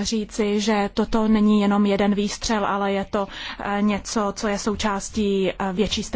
říci, že toto není jenom jeden výstřel, ale je to eh, něco, co je součástí eh, větší strategie.